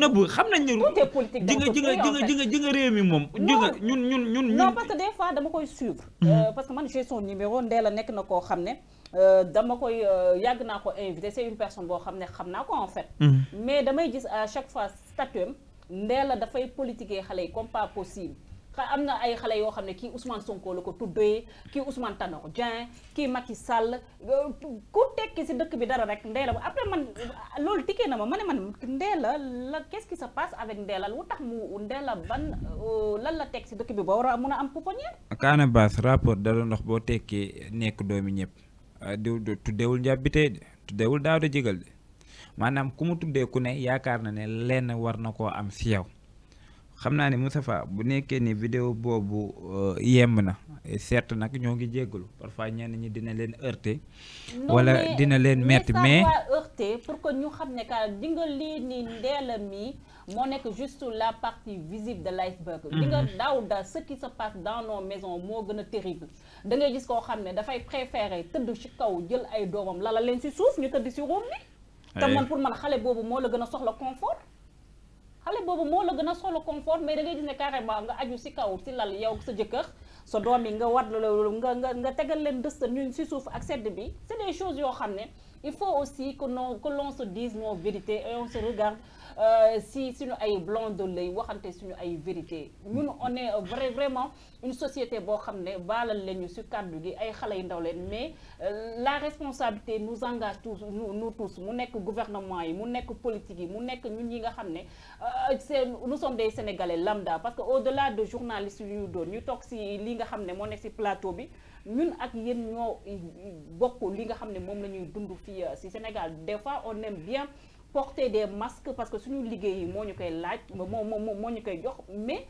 nëbb xam nañ ni di est politique dans ce pays en nga di nga réew mi moom. nga ñun ñun ñun ñun. non parce que des fois dama koy suivre. Mhm. Euh, parce que man j'ai son numéro ndé la nek na ko xamné euh dama koy euh, yàgg na ko inviter c'est une personne bo xamné xamna ko en fait. Mhm. mais damay gis à chaque fois statut la da fay politiquer xale comme pas possible. am na ay xale yoo xam ne kii Ousmane Sonko la ko tuddee kii Ousmane Tanor Dieng kii Macky Sall euh, ku tekki si dëkk bi dara rek Ndella bu après man loolu tikkee na ma ma ne man Ndella la qu'est-ce qui se passe avec Ndella lu euh, lan la teg si dëkk bi ba war a mun a am pouponnière. Kaana Baas rapport da doon wax boo tekkee nekk doomi ñëpp euh, di tuddeewul njàbbite de tuddeewul daaw de jigal de maanaam ku mu tuddee ku ne yaakaar na ne lenn war na koo am si yow. xamna ni Moustapha bu nekké ni vidéo bobu euh, yemb na certes nak ñoo ngi jéggalu parfois ñen ñi dina leen heurté wala dina leen metti mais heurté pour que ñu xamné ka dingal li ni ndeela mi mo nek juste la partie visible de l'iceberg di nga mhm. daaw da ce qui se passe dans nos maisons mo gëna terrible da ngay gis ko xamné da fay préférer teud ci kaw jël ay domam la la leen ci suuf ñu teud ci room bi te pour man xalé bobu mo la gëna soxla confort xale bobu mo la gën solo confort mais da ngay gis ne carrément nga aju si kaw si lal yow sa jëkkër sa doom yi nga war nga nga nga tégal leen dëstan ñun ci suuf ak sedd bi c'est des choses yo xamné il faut aussi que non que l'on se dise nos vérités et on se regarde euh, si suñu ay blonde lay waxante suñu ay vérité nous on est vrai vraiment une société boo xam ne baalal cadre ñu si kàddu gi ay xale yu ndaw leen mais euh, la responsabilité nous engage tous nous tous mu nekk gouvernement yi mu nekk politique yi mu nekk ñun ñi nga euh, c'est nous sommes des sénégalais lambda parce que au delà de journalistes yu ñu doon ñu toog si li nga ne nekk si plateau bi ñun ak nous ñoo bokk li nga xam ne moom dund fii si Sénégal des fois on aime bien porter des masques parce que suñu liggéey yi moo ñu koy laaj jox mais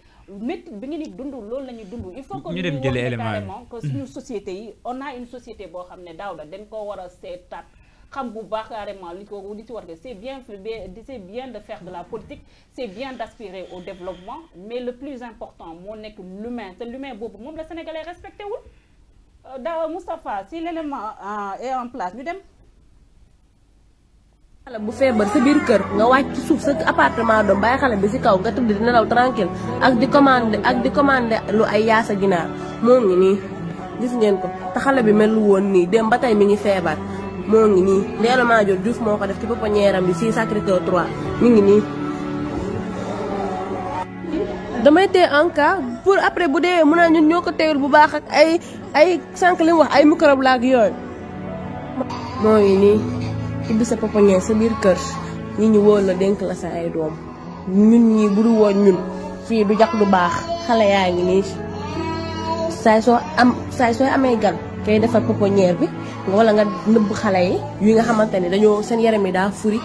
métti bi ngeen di dund loolu il faut que ñu dem jëlee parce que suñu mm-hmm. société yi on a une société bo xamné ne daaw la dañ koo war a xam bu baax carrément li c'est bien c'est bien de faire de la politique c'est bien d'aspirer au développement mais le plus important mo nek l'humain c'est l'humain bobu mom la sénégalais respecté wul euh, da Moustapha si l'élément euh, est en place ñu dem xale bu feebar sa biir kër nga wàcc ci suuf sa appartement doom bi kaw nga di nelaw tranquille ak di commandé ak di commandé lu ay yaasa ginaar moo ngi nii gis ngeen ko te xale bi mel woon nii dem ba mi ngi feebar moo ngi nii Ndella Madior Diouf moo ko def ci pouponnière am bi si Sacré-Cœur 3 mi ngi nii damay téye en pour après bu ñun bu baax ak ay ay wax ay microbe la ak ngi ibbi sa pépinière sa biir kër ñi ñu wóor la dénk la sa ay doom ñun ñi bu woon ñun fii du jax du baax xale yaa ngi nii saay soo am saay sooy amee gan kay defar pépinière bi wala nga nëbb xale yi yi nga xamante ne dañoo seen yaram yi daa furi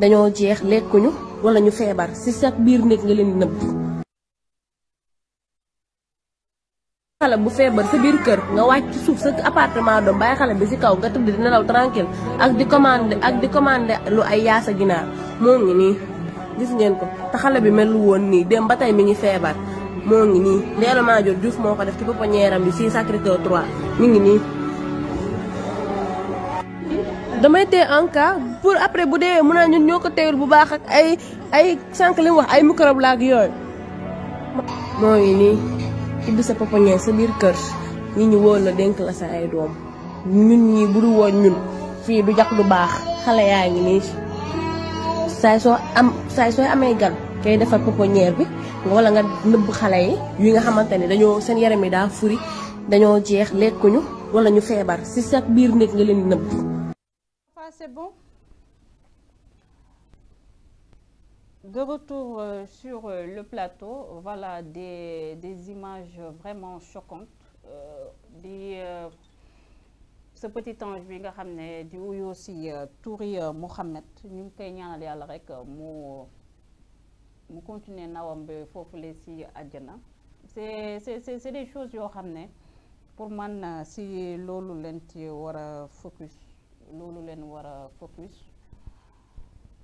dañoo jeex lekkuñu wala ñu feebar si sa biir néeg nga leen di nëbb xale bu feebar sa biir kër nga wàcc ci suuf sa appartement doom bàyyi xale bi si kaw nga tëdd di nelaw tranquille ak di commandé ak di commandé lu ay yaasa ginaar moo ngi nii gis ngeen ko te xale bi melu woon nii dem ba tey mi ngi feebar moo ngi nii Ndella Madior Diouf moo ko def ci pouponnière am bi si Sacré-Cœur 3 mi ngi nii damay tee en pour après bu deewee mun naa ñun ñoo ko teewul bu baax ak ay ay sànq li wax ay microbe laak yooyu moo ngi nii ibbi sa popoñe sa biir kër ñi ñu wóor la dénk la sa ay doom ñun ñi bu woon ñun fii du jax du baax xale yaa ngi nii saay soo am saay sooy amee gan kay defar pouponnière bi wala nga nëbb xale yi yi nga xamante ne dañoo seen yaram yi daa furi dañoo jeex lekkuñu wala ñu feebar si sa biir néeg nga leen di nëbb. De retour euh, sur euh, le plateau, voilà des, des images vraiment choquantes. Euh, ce petit ange bi nga ramener du di aussi Touri Mohamed Nous, sommes koy à yàlla rek mu à continuer nawam bi à si c'est c'est c'est des choses yoo xam pour moi, si l'eau leen ci focus loolu leen war focus.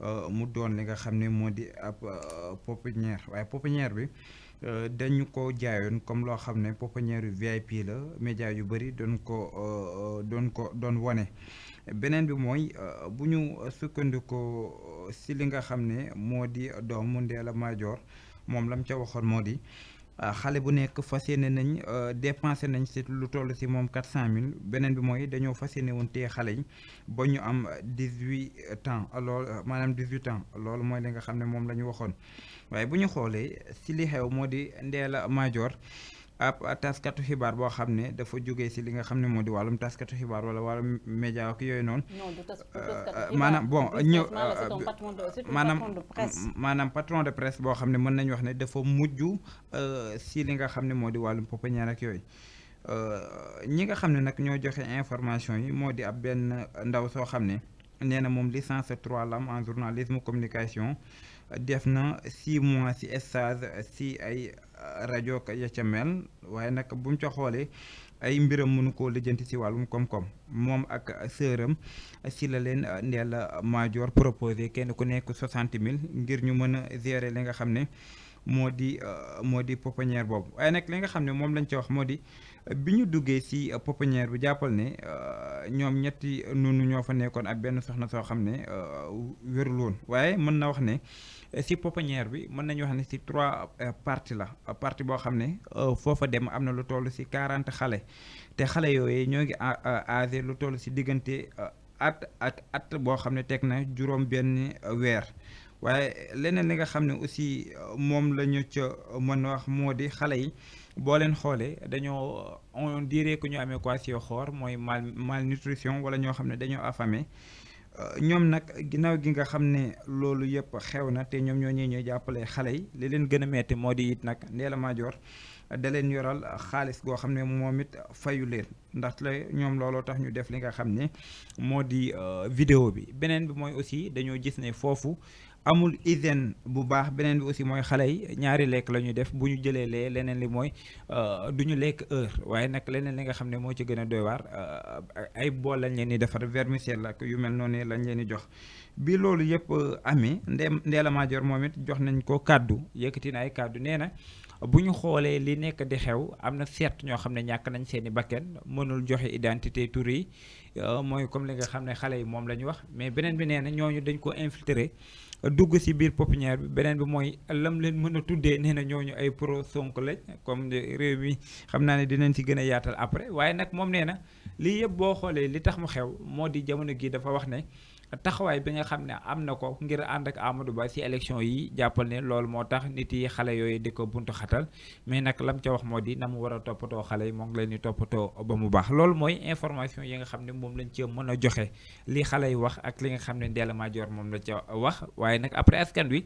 Euh, mu doon li nga xam ne moo di ab euh, pouponnière waaye pouponnière bi euh, dañu ko jaayoon comme loo xam ne pouponnière yu VIP la média yu bëri doon ko doon ko doon wane beneen bi mooy bu ñu sukkandiku si li nga xam ne moo di doomu Ndella Madior moom lam ca waxoon moo di Euh, xalé bu nek fassiyene nañ euh, dépensé nañ si lu tollu ci mom 400000 benen bi moy dañoo fassiyene won té téye ba ñu am dix ans lool euh, manam dix ans lool moy li nga xamné mom lañu waye bu si li xew modi ndéla major ab taskatu xibaar boo xam ne dafa jógee si li nga xam ne moo di wàllum taskatu xibaar wala wàllum média ak yooyu noonu. Euh, euh, maanaam bon ñëw maanaam euh, maanaam patron de presse boo xam ne mën nañu wax ne dafa mujj si li nga xam ne moo di wàllum pouponnière ak yooyu. ñi nga xam ne nag ñoo joxe information yi moo di ab benn ndaw soo xam ne nee na moom licence 3 la am en journalisme communication def na 6 mois ci stage si ay. rajo ya ca mel waaye nag bu mu ca xoolee ay mbiram mënu koo lijjanti si wàllum koom-koom moom ak sëram si la leen Ndella Madior proposé kenn ku nekk soixante mille ngir ñu mën a gérer li nga xam ne moo di euh, moo di pouponnière boobu waaye nag li nga xam ne moom lañ ci wax moo di bi ñu duggee si euh, pouponnière bi jàppal ne euh, ñoom ñetti nunu ñoo fa nekkoon ak benn soxna soo xam ne wérul woon waaye mën na wax ne si pouponnière bi mën nañu wax ne si trois parties la partie boo xam ne foofa dem am na lu toll si quarante xale te xale yooyu ñoo ngi âgé lu toll si diggante at ak at boo xam ne teg na juróom benn weer waaye leneen li nga xam ne aussi moom la ñu ca mën wax moo di xale yi boo leen xoolee dañoo on dirait que ñu amee quasio xoor mooy mal malnutrition wala ñoo xam ne dañoo affamé euh, ñoom nag ginnaaw gi nga xam ne loolu yëpp xew na te ñoom ñoo ñuy ñooy jàppale xale yi li leen gën a metti moo di it nag Ndella Madior da leen yoral xaalis goo xam ne moom it fayu leen ndax la ñoom looloo tax ñu def li nga xam ne moo di euh, vidéo bi beneen bi mooy aussi dañoo gis ne foofu amul hygiène bu baax beneen bi aussi mooy xale yi ñaari lekk la ñuy def bu ñu jëlee lee leneen li mooy euh, du ñu lekk heure waaye nag leneen li nga xam ne moo ci gën a doy waar euh, ay bool lañ leen di defar vermicelle ak yu mel noonu lañ leen di jox bi loolu yëpp euh, amee ndee Ndella Madior moom it jox nañ ko kàddu yëkkati na ay kàddu nee na bu ñu xoolee li nekk di xew am na certes ñoo xam ne ñàkk nañ seen i bakken mënul joxe identité tur yi euh, mooy comme li nga xam ne xale yi moom la ñu wax mais beneen bi nee ñooñu dañ ko infiltrer dugg ci biir pépinière bi beneen bi mooy lam leen mën a tuddee nee na ñooñu ay pro Sonko lañ comme réew mi xam naa ne dinañ ci gën a yaatal après waaye nag moom nee na lii yëpp boo xoolee li tax mu xew moo di jamono gi dafa wax ne taxawaay bi nga xam ne ko ngir ànd ak Amadou Ba ci élection yi jàppal ne loolu moo tax nit yi xale yooyu di ko buntu xatal mais nag lam ca wax moo di na mu war a ngi leen di ba mu information yi nga lañ ci joxe li xale yi wax ak li nga xam ne wae nak moom la wax après askan wi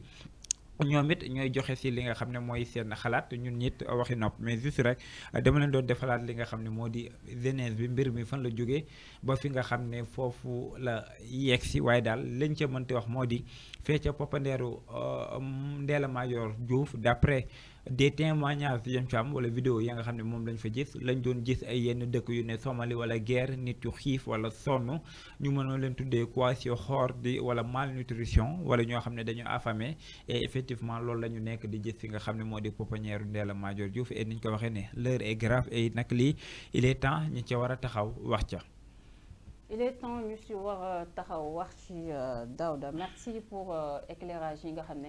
ñoom it ñooy joxe si li nga xam ne mooy seen xalaat ñun ñit waxi nopp mais juste rek dama leen doon defalaat li nga xam ne moo di genèse bi mbir mi fan la jógee ba fi nga xam ne foofu la yeeg si waaye daal lañ ca mënti wax moo di fee ca poppandeeru euh, Ndella Madior Diouf d'après des témoignages yañ fa am wala vidéo ya nga xam ne lañ fa gis lañ doon gis ay yenn dëkk yu ne Somali wala guerre nit yu xiif wala sonn ñu mënoo leen tuddee xor di wala malnutrition wala ñoo xam ne dañu affamé et effectivement loolu lañu nekk di gis fi nga xam ne moo di pouponnière Ndella Madior Diouf et niñ ko waxee ne l'heure est grave et nag lii il est temps ñu ci war a taxaw wax ca il est temps ñu si war a taxaw wax ci euh, da merci pour euh, éclairage yi nga xam ne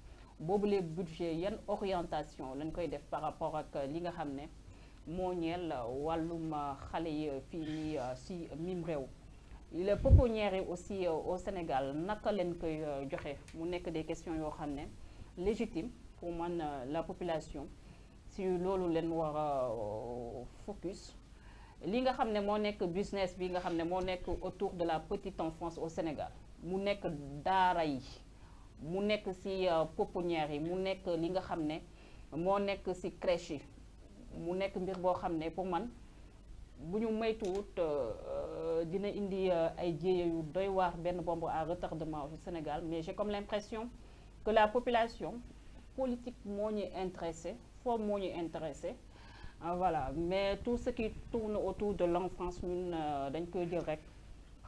boobu budget yan orientation par rapport à li nga xamné mo ñël mim les est aussi euh, au Sénégal naka euh, des questions légitimes pour euh, la population si lolu focus li nga xamné business autour de la petite enfance au Sénégal mu nekk daara mu nek ci euh, pouponnières yi mu nek li nga xamné mo nek ci crèche mu nek mbir bo xamné pour man buñu ñu moytuwut euh, euh, dina indi ay jéeya yu doy war ben bombe à retardement au Sénégal mais j'ai comme l'impression que la population politique moo intéressée, intéressé fo intéressée. intéressé ah, voilà mais tout ce qui tourne autour de l'enfance ñun dañ koy jël rek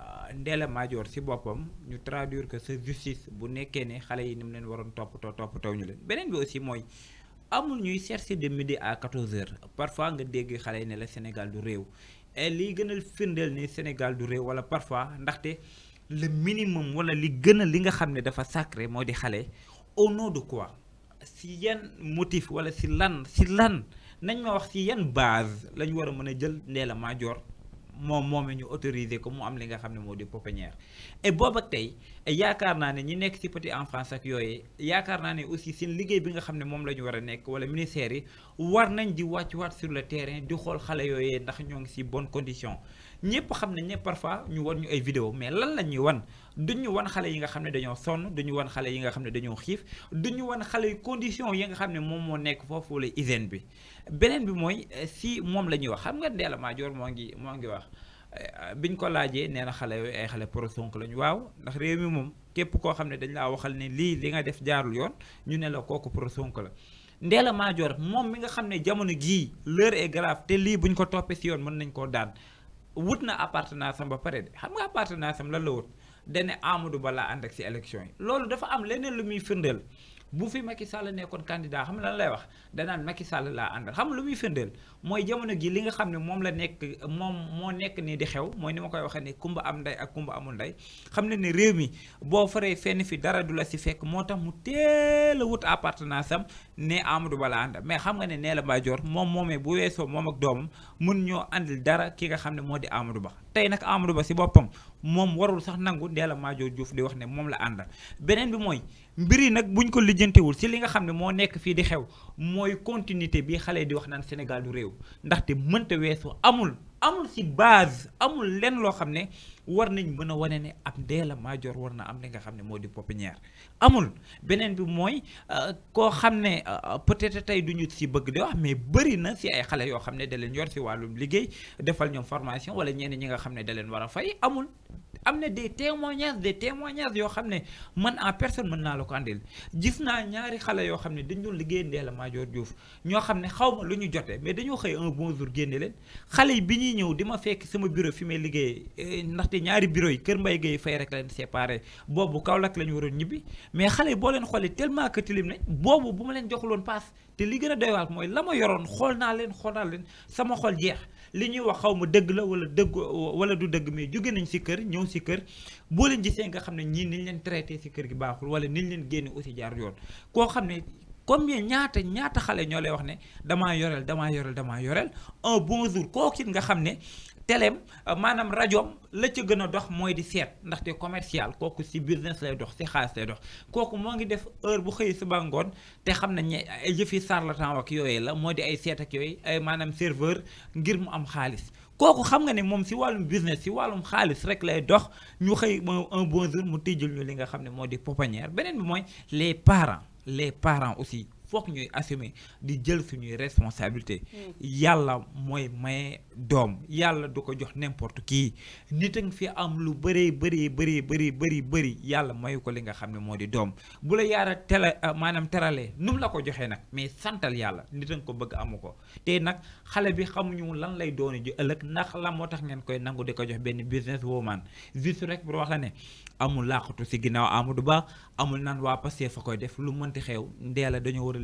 Euh, Ndella Madior ci boppam ñu traduire que sa justice bu nekkee ne xale yi ni mu leen waroon toppatoo toppatoo ñu leen beneen bi aussi mooy amul ñuy chercher de midi à 14 heures parfois nga dégg xale yi ne la Sénégal du réew et liy gën a firndeel ni Sénégal du réew wala parfois ndaxte le minimum wala li gën a li nga xam ne dafa sacré moo di xale au nom de quoi si yan motif wala si lan si lan nañ ma wax si yan base lañ war a mën a jël ndeela Madior moom moomee ñu autorisé ko mu am li nga xam ne moo di pouponnière et boobu tey yaakaar naa ne ñi nekk ci en enfance ak yooyu yaakaar naa ne aussi seen liggéey bi nga xam ne moom la ñu war a nekk wala ministère yi war nañ di wàcc waat sur le terrain di xool xale yooyee ndax ñoo ngi si bonne condition ñëpp xam nañ ne parfois ñu wan ñu ay vidéo mais lan la ñuy wan ñu wan xale yi nga xam ne dañoo sonn duñu wan xale yi nga xam ne dañoo xiif ñu wan xale yi condition yi nga xam ne moom moo nekk foofu la hygiène bi beneen bi mooy euh, si moom la ñuy wax xam nga Ndella Madior moo ngi moo ngi wax euh, biñ ko laajee nee na xale ay xale pro Sonko lañu waaw ndax réew mi moom képp koo xam ne dañ laa waxal ne lii li nga def jaarul yoon ñu ne la kooku pro Sonko la Ndella Madior moom mi nga xam ne jamono jii l'heure e grave te lii buñ ko toppee si yoon mën nañ koo daan wut na appartenance am ba pare de xam nga appartenance am lan la wut dane Amadou Ba laa ànd ak si élection yi loolu dafa am leneen lu muy firndeel bu fi Macky Sall nekkoon candidat xam lan lay wax danaan Macky Sall laa àndal xam lu mooy jamono gi li nga xam ne moom la nekk moom moo nekk nii di mooy ni ma koy waxee ne kumba am ndey ak kumba amul ndey xam ne ne réew mi boo faree fenn fi dara du la si fekk moo tax mu teel a wut appartenance am ne Amadou Ba la mais xam nga ne nee la mbaa moom moomee bu weesoo moom ak doomam mun ñoo àndil dara ki nga xam ne moo di Amadou Ba tey nag Amadou Ba si boppam moom warul sax nangu Ndella Madior Diouf di wax ne moom la àndal beneen bi mooy mbir yi nag buñ ko lijj lijjantewul si li nga xam ne moo nekk fii di xew mooy continuité bi xale di wax naan Sénégal du réew ndaxte mënta weesu amul amul si base amul lenn loo xam ne war nañ mën a wane ne ab Ndella war na am li nga xam ne moo di pépinière amul beneen bi mooy euh, koo xam ne euh, peut-être tey du ñu si bëgg di wax mais bëri na si ay xale yoo xam ne da leen yor si wàllum liggéey defal ñoom formation wala ñenn ñi nga xam ne da leen war a fay amul am na des témoignages des témoignages yoo xam ne man en personne mën naa la ko àndil gis naa ñaari xale yoo xam ne dañ doon liggéey Ndella Madior Diouf ñoo xam ne xaw ma lu ñu jotee mais dañoo xëy un bon jour génne leen xale yi bi ñuy ñëw di ma fekk sama bureau fi may liggéey eh, ndaxte ñaari bureau yi Kër mbay Gueye fay rek leen séparé boobu Kaolack la ñu waroon ñibbi mais xale yi boo leen xoolee tellement que tilim nañ boobu bu ma leen joxuloon paas te li gën a doy waar mooy la ma yoroon xool naa leen xoolaal leen sama xol jeex li ñuy wax xaw ma dëgg la wala dëgg wala du dëgg mais jóge nañ si kër ñëw si kër boo leen gisee nga xam ne ñii niñ leen traité si kër gi baaxul wala niñ leen génne aussi jaar yoon koo xam ne combien ñaata ñaata xale ñoo lay wax ne damaa yoreel damaa yoreel damaa yoreel un bon jour kooku it nga xam ne teleem euh, maanaam rajoom la ca gën a dox mooy di seet ndaxte commercial kooku si business lay dox si xaalis lay dox kooku moo ngi def heure bu xëy suba ngoon te xam nañ ne ay jëfi charlatan ak yooyu la moo di ay seet ak yooyu ay maanaam serveur ngir mu am xaalis kooku xam nga ne moom si wàllum business si wàllum xaalis rek lay dox ñu xëy un bon jour mu tijjul ñu li nga xam ne moo di pouponnière beneen bi mooy les parents les parents aussi foog ñuy assumer di jël suñuy responsabilité hmm. yàlla mooy maye doom yàlla du ko jox n'importe kii nit a ngi fi am lu bëree bëri bëri bëri bëri bëri yàlla mayu ko li nga xam ne moo di doom bu la yaara tele euh, maanaam teralee nu mu la ko joxee nag mais santal yàlla nit a nga ko bëgg amu ko te nag xale bi xamuñu lan lay dooni ji ëllëg ndax la moo tax ngeen koy nangu di ko jox benn business woman juste rek pour wax la ne amul làqatu si ginnaaw Amadou Ba amul naan waa Pastef fa koy def lu mënti xew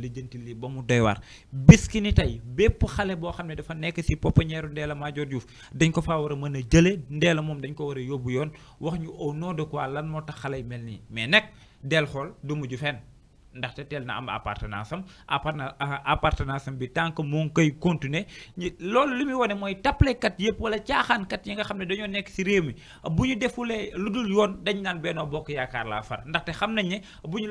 lijjanti lii ba mu doy waar bis ki ni tey bépp xale boo xam ne dafa nekk si pépinière Ndella Madior Diouf dañ ko faa war a mën a jële Ndella moom dañ ko war a yóbbu yoon wax ñu au nom de quoi lan moo tax xale yi mel nii mais nag del xool du mujj fen ndaxte teel na am appartenance am appartenance am bi tànk que moo ngi koy continuer loolu li muy wane mooy tapalekat yëpp wala caaxaankat yi nga xam ne dañoo nekk si réew mi bu ñu defulee lu dul yoon dañ naan Benno Bokk Yaakaar laa xam nañ ne bu ñu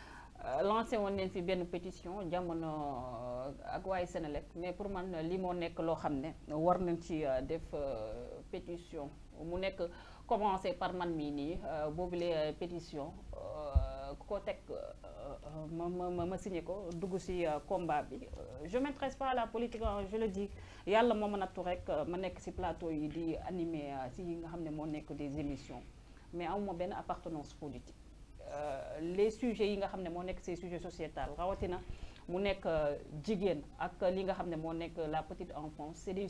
Euh, lancé woon neen fi benn pétition jamono euh, ak way Sénélec mais pour man li mo nek lo xamné war nañ ci euh, def pétition mu nek commencer par man mini bobule pétition ko tek ma ma ma signé ko dugg ci combat bi je m'intéresse pas à la politique hein, je le dis yalla mo meuna nattu rek ma nek ci plateau yi di animer ci nga xamné mo nek des émissions mais amuma ben appartenance politique euh, les sujets yi nga xamné mo nek ces sujets sociétal rawatina mu nek euh, jigen ak li nga xamné mo nek la petite enfance c'est